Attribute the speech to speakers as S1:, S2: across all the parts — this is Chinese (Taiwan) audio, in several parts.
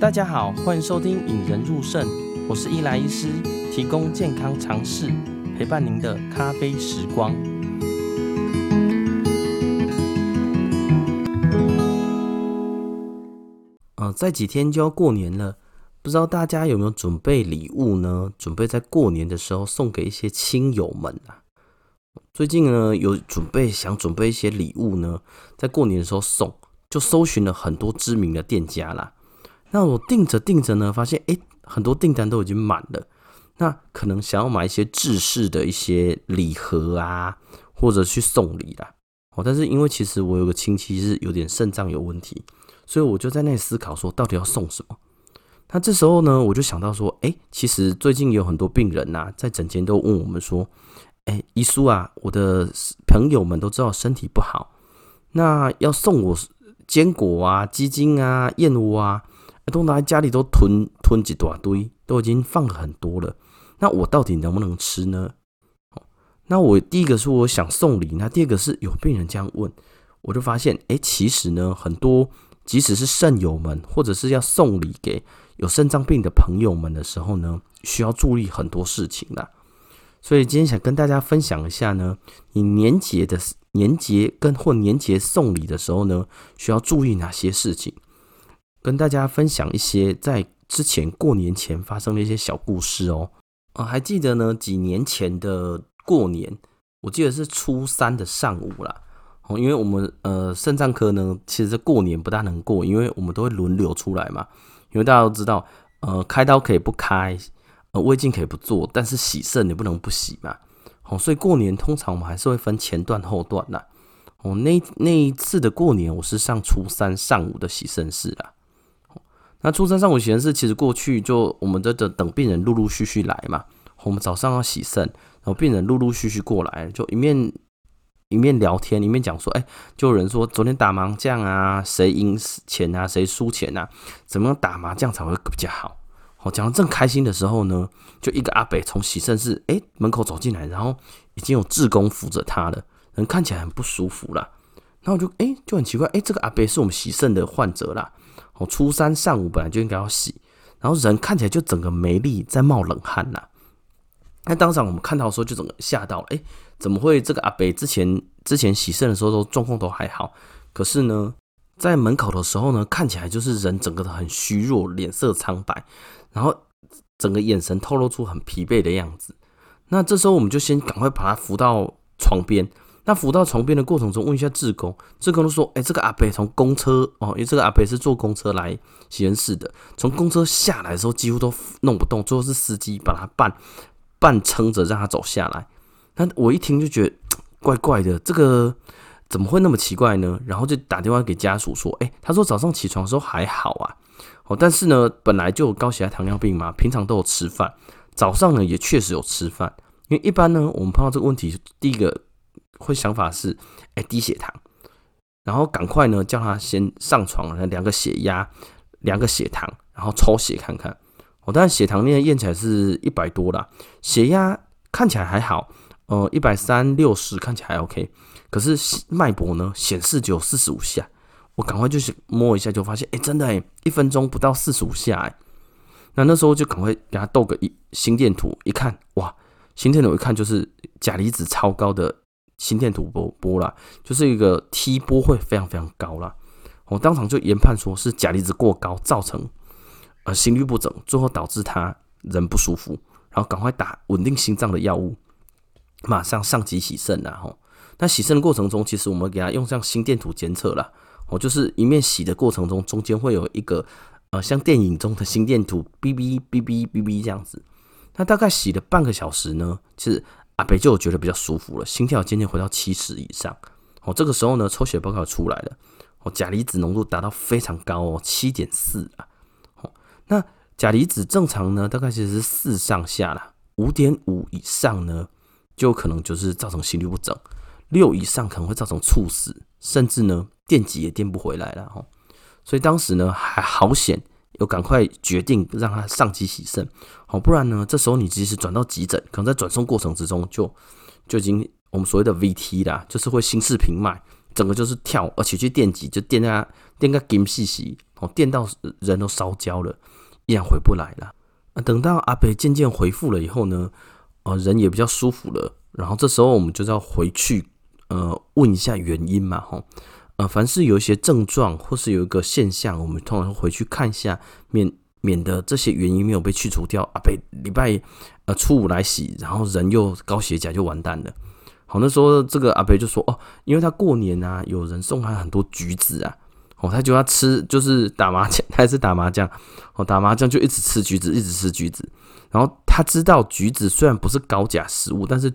S1: 大家好，歡迎收聽《引人入勝》，我是伊萊醫師，提供健康常識，陪伴您的咖啡時光。啊、呃，再幾天就要過年了，不知道大家有沒有準備禮物呢？準備在過年的時候送給一些親友們啊。最近呢，有準備想準備一些禮物呢，在過年的時候送，就搜尋了很多知名的店家啦。那我訂着訂着呢，發現誒、欸、很多訂單都已經滿了。那可能想要買一些制式的一些禮盒啊，或者去送禮啦。哦。但是因為其實我有個親戚是有點腎臟有問題，所以我就在那裡思考說，到底要送什麼？那這時候呢，我就想到說，誒、欸、其實最近有很多病人吶、啊，在診間都問我們說，誒、欸、醫師啊，我的朋友們都知道身體不好，那要送我堅果啊、雞精啊、燕窩啊。都大家家裡都囤囤幾大堆，都已經放了很多了。那我到底能不能吃呢？那我第一個是我想送禮，那第二個是有病人這樣問，我就發現，哎、欸，其實呢，很多即使是腎友們，或者是要送禮給有腎臟病的朋友們的時候呢，需要注意很多事情啦。所以今天想跟大家分享一下呢，你年節的，年節跟或年節送禮的時候呢，需要注意哪些事情？跟大家分享一些在之前過年前發生的一些小故事哦、喔。呃，還記得呢，幾年前的過年，我記得是初三的上午啦。哦，因為我們呃腎臟科呢，其實過年不大能過，因為我們都會輪流出來嘛。因為大家都知道，呃，開刀可以不開，呃，胃鏡可以不做，但是洗腎你不能不洗嘛。哦，所以過年通常我們還是會分前段後段啦。哦，那那一次的過年，我是上初三上午的洗腎室啦。那初三上午洗腎室，其實過去就我們在這等病人陸陸續續來嘛。我們早上要洗腎，然後病人陸陸續續過來，就一面一面聊天，一面講說，哎,就有人說昨天打麻將啊，誰贏錢啊，誰輸錢啊，怎麼樣打麻將才會比較好？好，講得正開心的時候呢，就一個阿伯從洗腎室哎、欸、門口走進來，然後已經有志工扶着他了，人看起來很不舒服了。然後我就哎、欸、就很奇怪，哎，這個阿伯是我們洗腎的患者啦。我初三上午本來就應該要洗，然後人看起來就整個沒力，在冒冷汗吶。那當場我們看到的時候，就整個嚇到了。哎、欸，怎麼會這個阿伯之前之前洗腎的時候都狀況都還好，可是呢，在門口的時候呢，看起來就是人整個都很虛弱，臉色蒼白，然後整個眼神透露出很疲憊的樣子。那這時候我們就先趕快把他扶到床邊。那扶到床邊的過程中，問一下志工，志工都說：“哎、欸，這個阿伯從公車哦、喔，因為這個阿伯是坐公車來急診室的。從公車下來的時候，幾乎都弄不動，最後是司機把他半半撐着讓他走下來。那我一聽就覺得怪怪的，這個怎麼會那麼奇怪呢？然後就打電話給家屬說：‘哎、欸，他說早上起床的時候還好啊，哦、喔，但是呢，本來就有高血壓、糖尿病嘛，平常都有吃飯，早上呢也確實有吃飯。因為一般呢，我們碰到這個問題，第一個。”會想法是，哎、欸，低血糖，然後趕快呢，叫他先上床，來量個血壓，量個血糖，然後抽血看看。我當然血糖那驗起來是一百多啦，血壓看起來還好，呃，一百三六十看起來還 OK，可是脈搏呢顯示只有四十五下，我趕快就是摸一下就發現，哎、欸，真的哎，一分鐘不到四十五下哎。那那時候就趕快給他逗個一心電圖，一看哇，心電圖一看就是鉀離子超高的。心電圖波波啦，就是一個 T 波會非常非常高啦。我、喔、當場就研判說是鉀離子過高造成呃心律不整，最後導致他人不舒服，然後趕快打穩定心臟的藥物，馬上上機洗腎啊！吼、喔，那洗腎的過程中，其實我們給他用上心電圖監測啦。哦、喔，就是一面洗的過程中，中間會有一個呃像電影中的心電圖，嗶嗶嗶嗶嗶嗶這樣子。那大概洗了半個小時呢，其實，阿伯就我覺得比較舒服了，心跳漸漸回到七十以上。哦，這個時候呢，抽血報告出來了，哦，鉀離子濃度達到非常高哦，七點四啊哦，那鉀離子正常呢，大概其實是四上下啦，五點五以上呢，就可能就是造成心律不整，六以上可能會造成猝死，甚至呢，電極也電不回來了。哦。所以當時呢，還好險。又趕快決定讓他上機洗腎，好，不然呢，這時候你即使轉到急診，可能在轉送過程之中就就已經我們所謂的 VT 啦，就是會心室頻脈，整個就是跳，而且去電擊就電個電個金細細哦，電到人都燒焦了，一樣回不來了。那、啊、等到阿北漸漸恢復了以後呢，呃，人也比較舒服了，然後這時候我們就是要回去呃，問一下原因嘛，吼。呃，凡是有一些症狀或是有一個現象，我們通常回去看一下，免免得這些原因沒有被去除掉，阿北禮拜呃初五來洗，然後人又高血鉀就完蛋了。好，那時候這個阿北就說哦，因為他過年啊，有人送他很多橘子啊，哦，他就要吃，就是打麻將他也是打麻將，哦，打麻將就一直吃橘子，一直吃橘子，然後他知道橘子雖然不是高鉀食物，但是。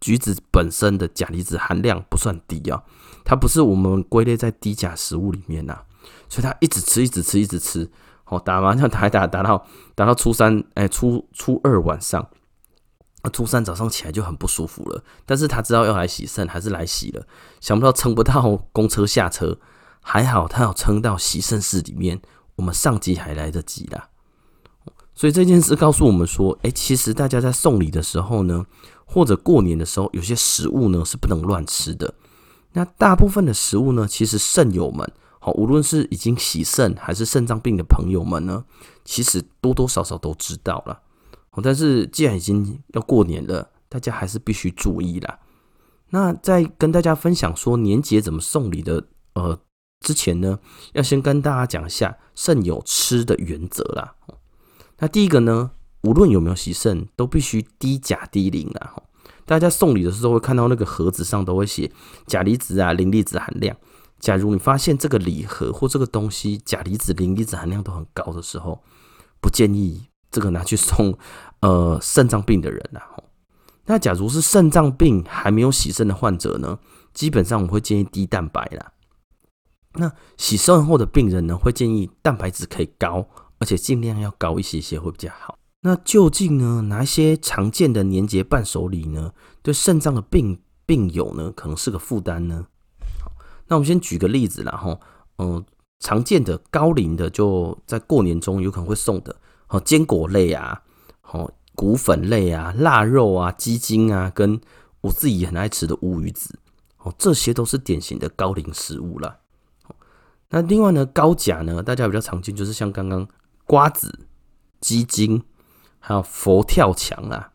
S1: 橘子本身的鉀離子含量不算低啊、喔，它不是我們歸類在低鉀食物裡面啊。所以他一直吃，一直吃，一直吃。好，打麻將打一打，打到打到初三，哎，初初二晚上，初三早上起來就很不舒服了。但是他知道要來洗腎，還是來洗了。想不到撐不到公車下車，還好他要撐到洗腎室裡面，我們上機還來得及啦。所以這件事告訴我們說，哎，其實大家在送禮的時候呢。或者過年的時候，有些食物呢是不能亂吃的。那大部分的食物呢，其實腎友們，好，無論是已經洗腎還是腎臟病的朋友們呢，其實多多少少都知道啦。但是既然已經要過年了，大家還是必須注意啦。那在跟大家分享說年節怎麼送禮的，呃，之前呢，要先跟大家講一下腎友吃的原則啦。那第一個呢？無論有沒有洗腎，都必須低鉀低磷啊！大家送禮的時候會看到那個盒子上都會寫鉀離子啊、磷離子含量。假如你發現這個禮盒或這個東西鉀離子、磷離子含量都很高的時候，不建議這個拿去送呃腎臟病的人啊。那假如是腎臟病還沒有洗腎的患者呢，基本上我們會建議低蛋白啦。那洗腎後的病人呢，會建議蛋白質可以高，而且盡量要高一些些會比較好。那究竟呢，哪一些常見的年節伴手禮呢，對腎臟的病病友呢，可能是個負擔呢？好，那我們先舉個例子啦。哈，嗯，常見的高磷的，就在過年中有可能會送的，哦、堅果類啊，好、哦，穀粉類啊，臘肉啊，雞精啊，跟我自己很愛吃的烏魚子，哦，這些都是典型的高磷食物啦。那另外呢，高鉀呢，大家比較常見就是像剛剛瓜子、雞精。還有佛跳牆啊，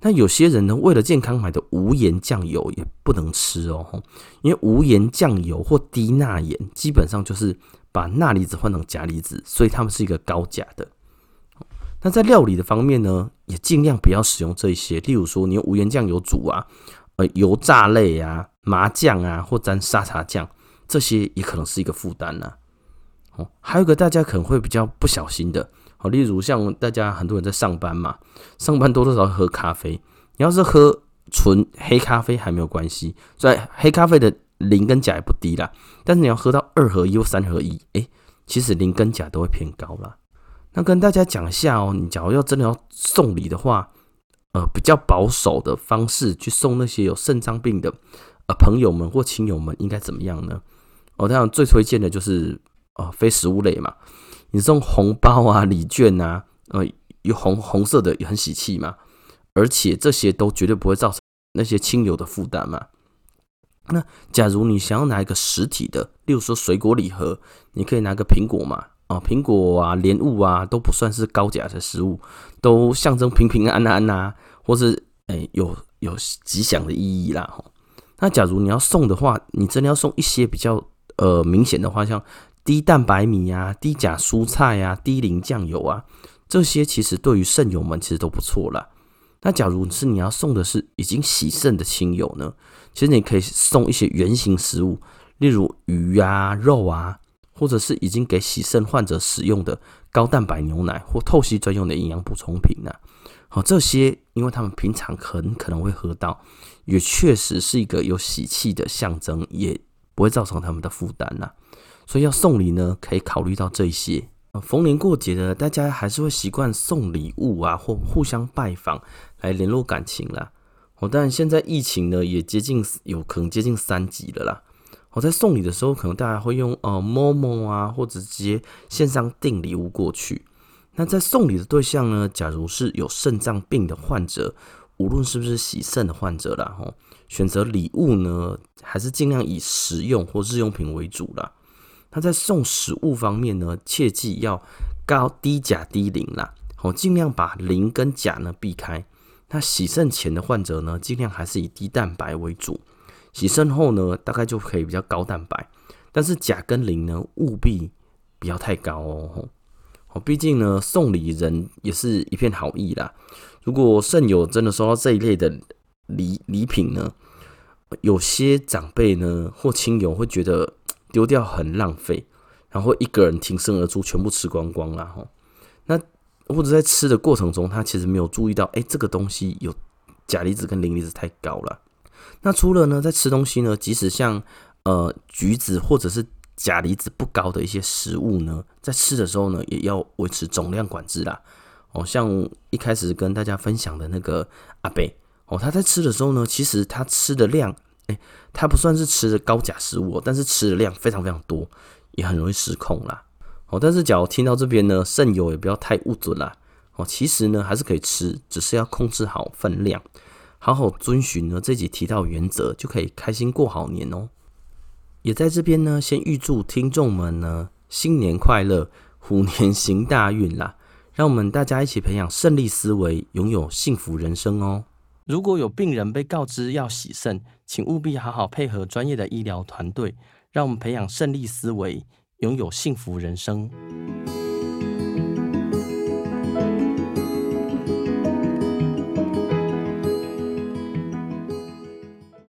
S1: 那有些人呢，為了健康買的無鹽醬油也不能吃哦，因為無鹽醬油或低鈉鹽基本上就是把鈉離子換成鉀離子，所以它們是一個高鉀的。那在料理的方面呢，也盡量不要使用這些，例如說你用無鹽醬油煮啊，呃油炸類啊、麻醬啊或沾沙茶醬這些也可能是一個負擔啊。哦，還有一個大家可能會比較不小心的。例如像大家很多人在上班嘛，上班多多少少喝咖啡。你要是喝純黑咖啡還沒有關係，在黑咖啡的磷跟鉀也不低啦。但是你要喝到二合一或三合一，哎，其實磷跟鉀都會偏高啦。那跟大家講一下哦，你假如要真的要送禮的話，呃，比較保守的方式去送那些有腎臟病的呃朋友們或親友們，應該怎麼樣呢？我這樣最推薦的就是呃，非食物類嘛。你送紅包啊、禮券啊，呃，紅紅色的也很喜氣嘛，而且這些都絕對不會造成那些親友的負擔嘛。那假如你想要拿一個實體的，例如說水果禮盒，你可以拿個蘋果嘛，哦、啊，蘋果啊、蓮霧啊，都不算是高鉀的食物，都象徵平平安安吶、啊，或是哎、欸、有有吉祥的意義啦。那假如你要送的話，你真的要送一些比較呃明顯的花，像。低蛋白米啊，低鉀蔬菜啊，低磷醬油啊，這些其實對於腎友們其實都不錯啦。那假如是你要送的是已經洗腎的親友呢？其實你可以送一些原型食物，例如魚啊、肉啊，或者是已經給洗腎患者使用的高蛋白牛奶或透析專用的營養補充品啊。好，這些因為他們平常很可能會喝到，也確實是一個有喜氣的象徵，也不會造成他們的負擔啊。所以要送禮呢，可以考慮到這些。逢年過節的，大家還是會習慣送禮物啊，或互相拜訪來聯絡感情啦。哦，但現在疫情呢，也接近有可能接近三級了啦。我在送禮的時候，可能大家會用呃，momo 啊，或者直接線上訂禮物過去。那在送禮的對象呢，假如是有腎臟病的患者，無論是不是洗腎的患者啦，吼，選擇禮物呢，還是儘量以實用或日用品為主啦。他在送食物方面呢，切記要高低鉀低磷、啦，好，盡量把磷跟鉀呢避開。那洗腎前的患者呢，盡量還是以低蛋白為主；洗腎後呢，大概就可以比較高蛋白，但是鉀跟磷呢，務必不要太高哦。哦，畢竟呢，送禮人也是一片好意啦。如果腎友真的收到這一類的禮禮品呢，有些長輩呢或親友會覺得。丟掉很浪費，然後一個人挺身而出，全部吃光光了吼，那或者在吃的過程中，他其實沒有注意到，哎、欸，這個東西有鉀離子跟磷離子太高了。那除了呢，在吃東西呢，即使像呃橘子或者是鉀離子不高的一些食物呢，在吃的時候呢，也要維持總量管制啦。哦，像一開始跟大家分享的那個阿北哦，他在吃的時候呢，其實他吃的量。哎，它、欸、不算是吃的高鉀食物，但是吃的量非常非常多，也很容易失控啦。哦，但是只要聽到這邊呢，腎友也不要太鬱卒啦。哦，其實呢還是可以吃，只是要控制好分量，好好遵循呢這集提到原則，就可以開心過好年哦。也在這邊呢，先預祝聽眾們呢新年快樂，虎年行大運啦！讓我們大家一起培養勝利思維，擁有幸福人生哦。如果有病人被告知要洗腎，請務必好好配合專業的醫療團隊，讓我們培養勝利思維，擁有幸福人生。